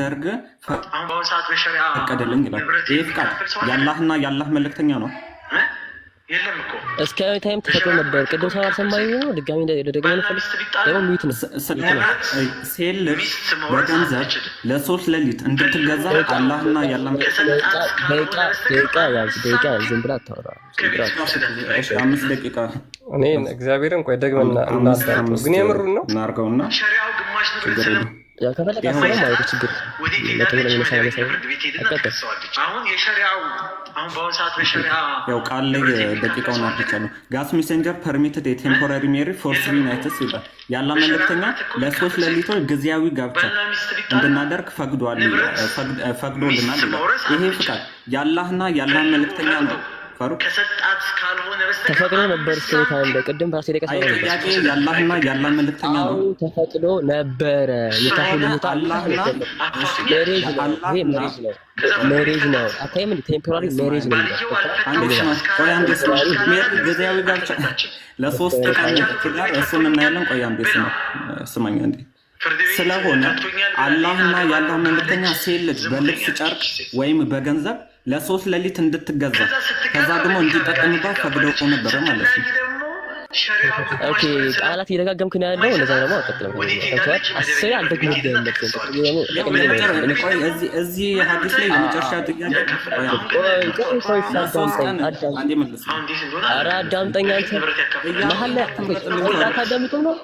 ደርግ ፈቀደልኝ ይላል። ይህ ፍቃድ የአላህና የአላህ መልእክተኛ ነው። እስከ ታይም ተፈቅዶ ነበር። ቅድም ሰው አልሰማኝ ነው። ድጋሚ ደግሞ ሴት በገንዘብ ለሶስት ሌሊት እንድትገዛ አላህና ያላ ደቂቃ እኔ እግዚአብሔርን ቆይ ደግመና እናስታርቀው፣ ግን ነው እናርገውና ያው ቃል ላይ ደቂቃውን ነው። ጋስ ሜሴንጀር ፐርሚትድ የቴምፖራሪ ሜሪ ፎር ስሪ ናይትስ ይላል። ያላ መልእክተኛ ለሶስት ለሊቶ ጊዜያዊ ጋብቻ እንድናደርግ ፈቅዶልናል ይላል። ይሄ ፍቃድ ያላህና ያላህን መልእክተኛ ነው ተፈቅዶ ነበር ስታ እንደ ቅድም ራሴ ደቀ ተፈቅዶ ነበረ የታሁል ቦታ ሜሬጅ ነው። ይሄ ሜሬጅ ነው። ሜሬጅ ነው። ቴምፖራሪ ሜሬጅ ነው። ለሶስት ቀን ትዳር እሱ የምናያለን። ቆይ አንዴ ስማኝ እንዴ ስለሆነ አላህና ያላህ መልክተኛ ሴት ልጅ በልብስ ጨርቅ ወይም በገንዘብ ለሶስት ሌሊት እንድትገዛ ከዛ ደግሞ እንዲጠቀምባት ፈቅደው ነበረ ማለት ነው። ቃላት እየደጋገምክ ነው ያለው። እንደዛ ደግሞ አቀጥለም አስር እዚህ ሀዲስ ላይ የመጨረሻ ጥያቄ አዳምጠኝ አንተ መሀል ላይ አታደምጡም ነው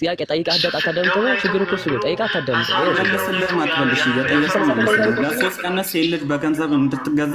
ጥያቄ ጠይቃ አዳጣ አታዳምጠው። ችግር እኮ እሱ ነው። ጠይቃ አታዳምጠው። ለመስለት ማለት ነው። እሺ የጠየቀው ለሶስት ቀን ሴት ልጅ በገንዘብ እንድትገዛ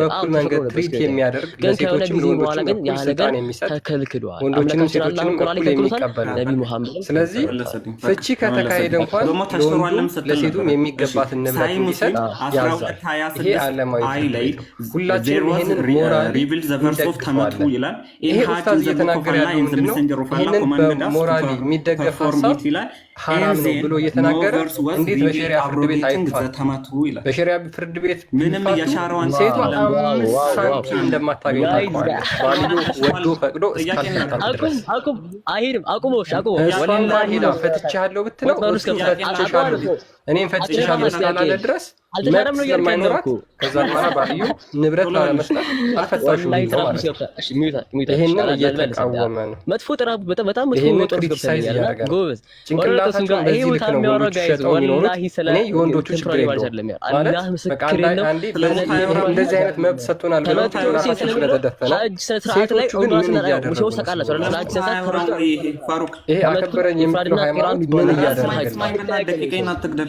በኩል መንገድ ትሪት የሚያደርግ ለሴቶችም ለወንዶችም እኩል ስልጣን የሚሰጥ ወንዶችንም ሴቶችንም እኩል የሚቀበል ነው። ስለዚህ ፍቺ ከተካሄደ እንኳን ለወንዱም ለሴቱም የሚገባትን ንብረት እንዲሰጥ ያዛል። ይሄ ዓለማዊ ሁላችንም ይህንን ሞራል ተመቱ ይሄ ኡስታዝ እየተናገረ ያለው ምንድነው? ይህንን በሞራል የሚደገፍ ሀሳብ ሐራም ነው ብሎ እየተናገረ እንዴት በሸሪያ ፍርድ ቤት አይቷል? በሸሪያ ፍርድ ቤት ሴቷ አምስት ሳንቲም እንደማታገኝ ባልዮ ወዶ ፈቅዶ ድረስ ሄዳ ፈትቻለሁ ብትለው እሱ እኔም ፈጽሻለሁ እስካላለ ድረስ ስለማይኖራት ከዛ በኋላ ንብረት ላለመስጠት አልፈታሽም የወንዶቹ ችግር እንደዚህ አይነት መብት ሰጥቶናል ስለተደፈነ ይሄ አከበረኝ የምትለው ሃይማኖት ምን እያደረገ ነው?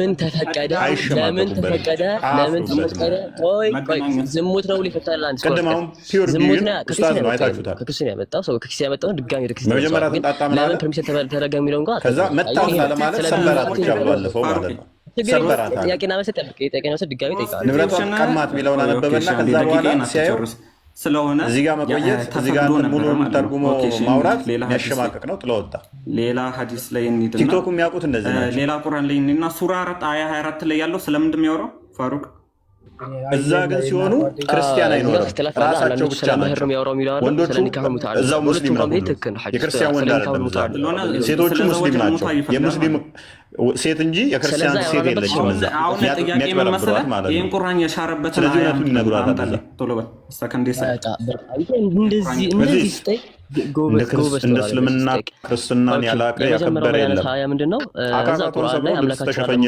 ለምን ተፈቀደ? ለምን ተፈቀደ? ለምን ተፈቀደ? ቆይ ቆይ፣ ዝሙት ነው ሊፈታል። ነው ያመጣው ሰው ከክስ ያመጣው ድጋሚ ወደ ክስ መጀመሪያ ተጣጣ ለምን ፐርሚሽን ተደረገ የሚለውን ከዛ ሰበራት ማለት ነው ጥያቄና መሰጥ ድጋሚ ጠይቃለሁ ንብረቷን ቀማት የሚለውን አነበበና ከዛ በኋላ ሲያየው ስለሆነ እዚህ ጋር መቆየት እዚህ ጋር ሙሉ ተርጉሞ ማውራት የሚያሸማቀቅ ነው። ጥለወጣ ሌላ ሀዲስ ላይ ቲክቶክ የሚያውቁት እንደዚህ ሌላ ቁራን ላይ እና ሱራ አራት አያ 24 ላይ ያለው ስለምንድን የሚያወራው ፋሩቅ እዛ ግን ሲሆኑ ክርስቲያን አይኖርም፣ ራሳቸው ብቻ ናቸው። ወንዶቹ እዛው ሙስሊም ነው፣ የክርስቲያን ወንድ አይደለም። ሴቶቹ ሙስሊም ናቸው። የሙስሊም ሴት እንጂ የክርስቲያን ሴት የለችም። እዛ የሚያጭበረብሯት ማለት ነው። ስለዚህ እውነቱን ይነግሯታል። እንደ እስልምና ክርስትናን ያላቀ ያከበረ የለም። አካካቷን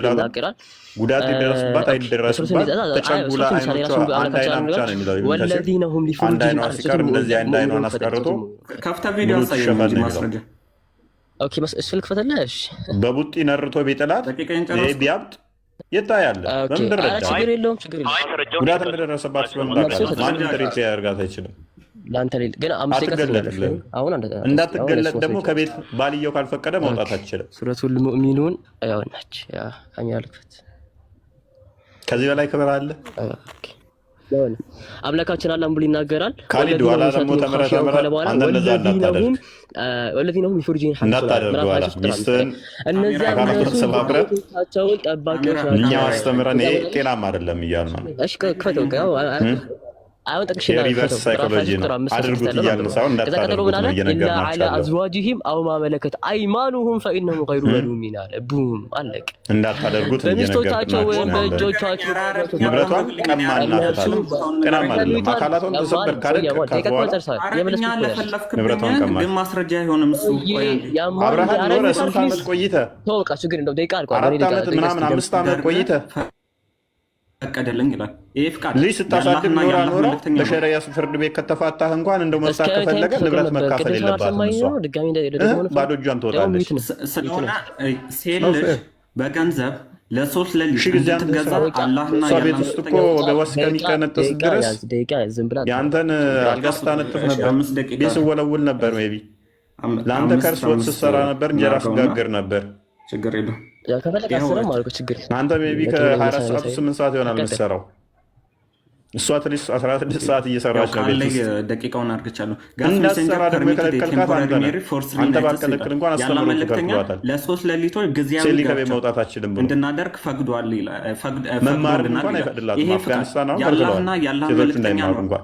ጉዳት ይደረስባት አይደረስባት ተቻጉላ አይኖቿ አንድ አይና ብቻ ነው የሚለው። አንድ አይኗ ሲቀር እንደዚህ አንድ አይኗን አስቀርቶ ሸፈን ነው የሚለው። በቡጢ ነርቶ ቢጥላት ቢያብጥ የታያለ በምድር ጉዳት እንደደረሰባት ስለምታውቅ ማንም ትሪት ያደርጋት አይችልም። ለአንተ ሌል ግን አምስት እንዳትገለጥ ደግሞ ከቤት ባልየው ካልፈቀደ መውጣት አችልም። ሱረቱ ልሙእሚኑን ያውናች አሚያልክፈት ከዚህ በላይ ክብር አለ። አምላካችን አላም ብሎ ይናገራል። ካሊዱ አላ ደግሞ ተመረ ተመረ አንተ እኛ አስተምረን ጤናማ አይደለም እያሉ ነው አሁን ጠቅሽ አድርጉት እያልን አይማኑሁም ፈኢነሁም ገይሩ መሉሚን አለ። ቡም አለቅ እንዳታደርጉት በሚስቶቻቸው ወይም በእጆቻቸው ንብረቷን ቀማናታል። ተሰበር ካደግ ንብረቷን ማስረጃ አይሆንም። እሱ ኖረ ስንት ዓመት ቆይተ ተወቃችሁ ግን እንደው ደቂቃ አልኳ አራት ዓመት ምናምን አምስት ዓመት ቆይተ ፈቀደልኝ ይላል። ይህ ፍቃድ ልጅ ስታሳድግ ኖራ ኖራ በሸሪያ ፍርድ ቤት ከተፋታህ እንኳን እንደ መሳ ከፈለገ ንብረት መካፈል የለባትም። ባዶ እጇን ትወጣለች። ሴት ልጅ በገንዘብ ለሶስት ለሊት እንድትገዛ አላህና ቤት ውስጥ እኮ ወገቧ እስከሚቀነጥስ ድረስ የአንተን አልጋ ስታነጥፍ ነበር፣ ቤት ስወለውል ነበር፣ ቢ ለአንተ ከርስ ወጥ ስትሰራ ነበር፣ እንጀራ ስጋግር ነበር። ችግር የለም አንተ ሜይ ቢ ከ24 ሰዓት 8 ሰዓት ይሆናል የምትሰራው። እሷ ትንሽ 16 ሰዓት እየሰራች ነው። ደቂቃውን አድርግቻለሁ። እንዳትሰራ ደግሞ የከለከልካት አንተ ባትከለክል እንኳን አስተምሮ ለሶስት ሌሊቶች ጊዜያዊ ከቤት መውጣት አችልም እንድናደርግ ፈቅዷል። መማር እንኳን አይፈቅድላትም። አፍጋኒስታን አሁን ከልክለዋል። ሴቶች እንዳይማሩ እንኳን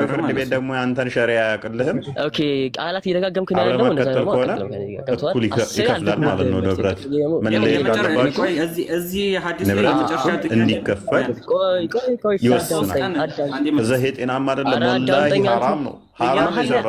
ህጋዊ ፍርድ ቤት ደግሞ የአንተን ሸሪያ አያውቅልህም። ቃላት እየደጋገምክ አለመከተል ከሆነ እኩል ይከፍላል ማለት ነው። ንብረት እንዲከፈል ይወስናል። አይደለም፣ ወላሂ ሀራም ነው። ሀራም የሰራ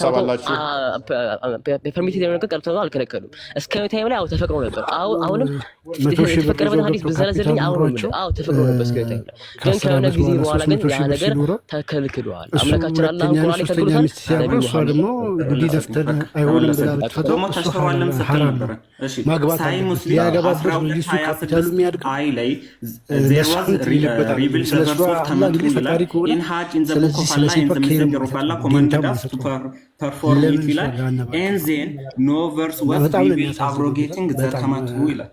ሀሳብ አላችሁ? በፐርሚቴድ የሆነ ቀርቶ ነው አልከለከሉም። እስከ ታይም ላይ ተፈቅሮ ነበር። አሁንም የተፈቀደበት ሀዲስ ብዘረዝርልኝ አሁን አዎ ተፈቅሮ ነበር እስከ ታይም ላይ ግን ከሆነ ጊዜ በኋላ ግን ያ ነገር ተከልክሏል። አምላካችን አላ ቁርአን ላይ ተግሩታል። እሷ ደግሞ ጉዲ ደፍተር አይሆንም ብላ ብትፈተው ማግባት ፐርፎርም ኢት ይላል ኤንዜን ኖ ቨርስ ወት ሪቪል አብሮጌቲንግ ዘተማቱ ይላል።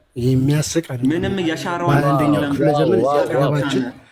ምንም የሻራዋን አንደኛው ክፍለ ዘመን ያቀረባችን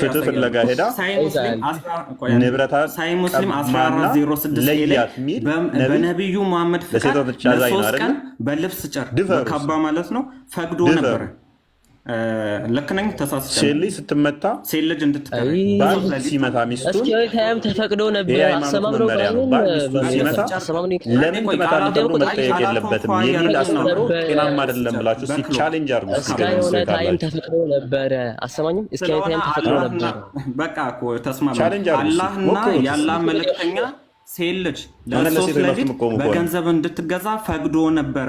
ፍትህ ፍለጋ ሄዳ ሳይሙስሊም 1406 በነቢዩ መሐመድ ፍቃድ ለሶስት ቀን በልብስ ጨርቅ ካባ ማለት ነው ፈቅዶ ነበረ። ልክ ነኝ? ተሳስቼ ሴት ልጅ ስትመታ ሴት ልጅ እንድትባል ሚስቱን ተፈቅዶ ነበር። መጠየቅ የለበትም የሚል አስተምሮ ጤናማ አይደለም ብላችሁ ቻሌንጅ አርጉ። ታይም ተፈቅዶ ነበረ። አሰማኝም ተፈቅዶ ነበረ። በቃ ተስማማ። አላህና የአላህ መልእክተኛ ሴት ልጅ ለሶስት ለሊት በገንዘብ እንድትገዛ ፈቅዶ ነበረ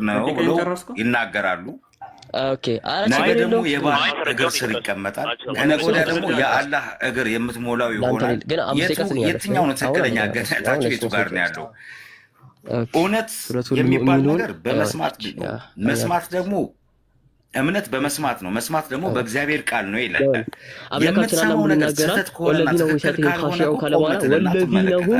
ነው ብሎ ይናገራሉ። ነገ ደግሞ የባህር እግር ስር ይቀመጣል። ከነገ ወዲያ ደግሞ የአላህ እግር የምትሞላው ይሆናል። የትኛው ነው ትክክለኛ ገነታቸው? የቱ ጋር ነው ያለው? እውነት የሚባል ነገር በመስማት መስማት ደግሞ እምነት በመስማት ነው፣ መስማት ደግሞ በእግዚአብሔር ቃል ነው ይላል። የምትሰማው ነገር ስህተት ከሆነና ትክክል ካልሆነ ይሆናል እንዴት ዝም ብለህ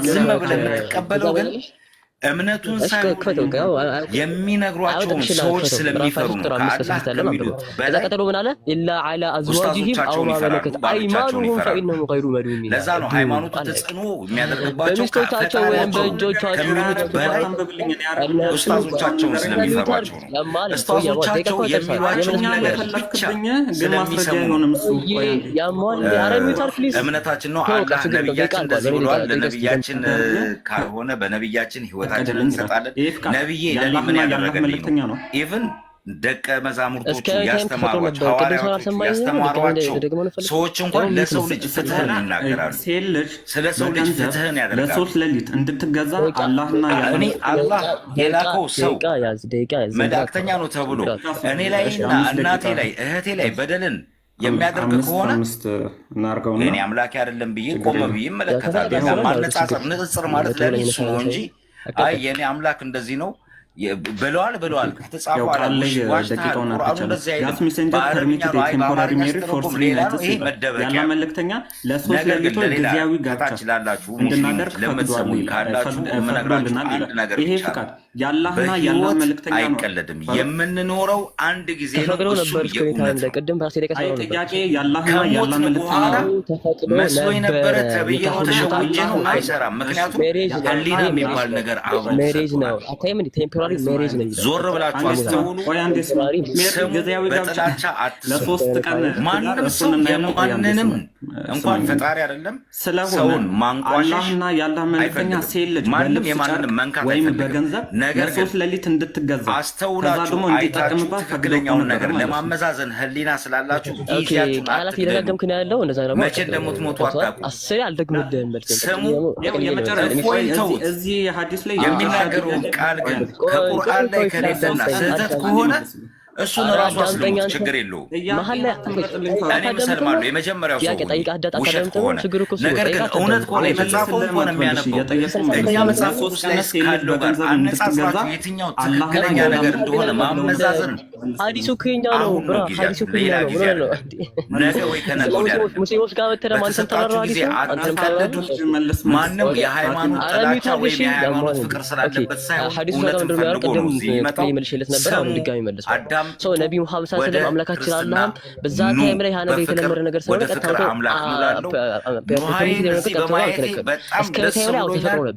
የምትቀበለው ግን እምነቱን ሳይሆን የሚነግሯቸውን ሰዎች ስለሚፈሩ ነው። ቀጠሎ ምን አለ? ኢላ ዐላ አዝዋጅሂም አው ማ መለከት አይማኑሁም ፈኢንነሁም ገይሩ መሉሚን። ለዛ ነው ሃይማኖቱ ተጽዕኖ የሚያደርግባቸው በሚስቶቻቸው ወይም በእጆቻቸው ኡስታዞቻቸውን ስለሚፈሯቸው ነው። እምነታችን ነው። አላህ ነቢያችን እንደዚህ ብለዋል። ለነቢያችን ካልሆነ በነቢያችን ህይወት እምነታችን እንሰጣለን። ነብዬ ለእኔ ምን ነው ኢቭን ደቀ መዛሙርቶቹ ያስተማሯቸው ሐዋርያቶቹ ያስተማሯቸው ሰዎች እንኳን ለሰው ልጅ ፍትህን ይናገራሉ። ስለ ሰው ልጅ ፍትህን ያደርጋሉ። ለሶስት ሌሊት እንድትገዛ አላህና እኔ አላህ የላከው ሰው መልእክተኛ ነው ተብሎ እኔ ላይና እናቴ ላይ እህቴ ላይ በደልን የሚያደርግ ከሆነ እኔ አምላኬ አይደለም ብዬ ቆመ ብዬ እመለከታለሁ። ማነጻጸር ንጽጽር ማለት ለእኔ ነው እንጂ አይ የኔ አምላክ እንደዚህ ነው በለዋል በለዋል ከተጻፈው መልእክተኛ ለሶስት ለይቶ ጊዜያዊ ጋብቻ ያላህና ያላህ መልእክተኛ አይቀለድም። የምንኖረው አንድ ጊዜ ነው። ጥያቄ ያላህና ያላህ መልእክተኛ መስሎ የነበረ ተብዬ ነው ተሸውጄ ነው አይሰራም። ምክንያቱም ህሊና የሚባል ነገር አብሮ ነው ዞር ብላችሁ አስተውሉ። በጥላቻ ማንም ሰው የማንንም እንኳን ፈጣሪ አይደለም ሰውን ማንቋሸሽ አይፈልግም። ማንም የማንንም መንካት አይፈልግም። ነገር ግን አስተውላችሁ አይታችሁ ትክክለኛውን ነገር ለማመዛዘን ህሊና ስላላችሁ እንደዛ አትግደሉ። መቼ እንደምትሞቱ አታውቁም። ስሙ፣ ላይ የሚናገረውን ቃል ግን ከቁርአን ላይ ከሌለና ስህተት ከሆነ እሱን ራሱ አስልሙት፣ ችግር የለውም። እኔም እሰልማለሁ። የመጀመሪያው ሰው ውሸት ከሆነ ነገር ግን እውነት ከሆነ የተጻፈውን ከሆነ የሚያነበው እኛ መጽሐፍ ቅዱስ ላይ ካለው ጋር አነጻጽራችሁ የትኛው ትክክለኛ ነገር እንደሆነ ማመዛዘን ነው። ሀዲሱ ከኛ ነው። ሀዲሱ ከኛ ነው። ሙስሊሞች ጋር በተለይ አንተም ተራራ ማንም የሃይማኖት ጥላቻ ወይም የሃይማኖት ፍቅር ስላለበት ሳይሆን ነበር። አሁን ድጋሚ መለስ ሰው ነቢ ሙሐመድ ሳ ስለም አምላካችን አላህም በዛ ታይም ላይ ሀነ የተለመደ ነገር ስለሆነ ቀጥታ ነበር። አሁንም ሀዲስ ተፈጥሮ ነበር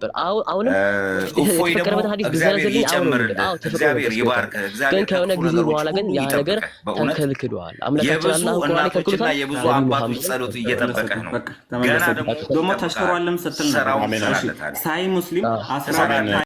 ግን ከሆነ ጊዜ በኋላ ግን ያ ነገር ተከልክሏል። አምላካችንና የብዙ አባቶች ጸሎት እየጠበቀ ነው። ገና ደግሞ ተሽሯልም ስትል ሳይ ሙስሊም አስራ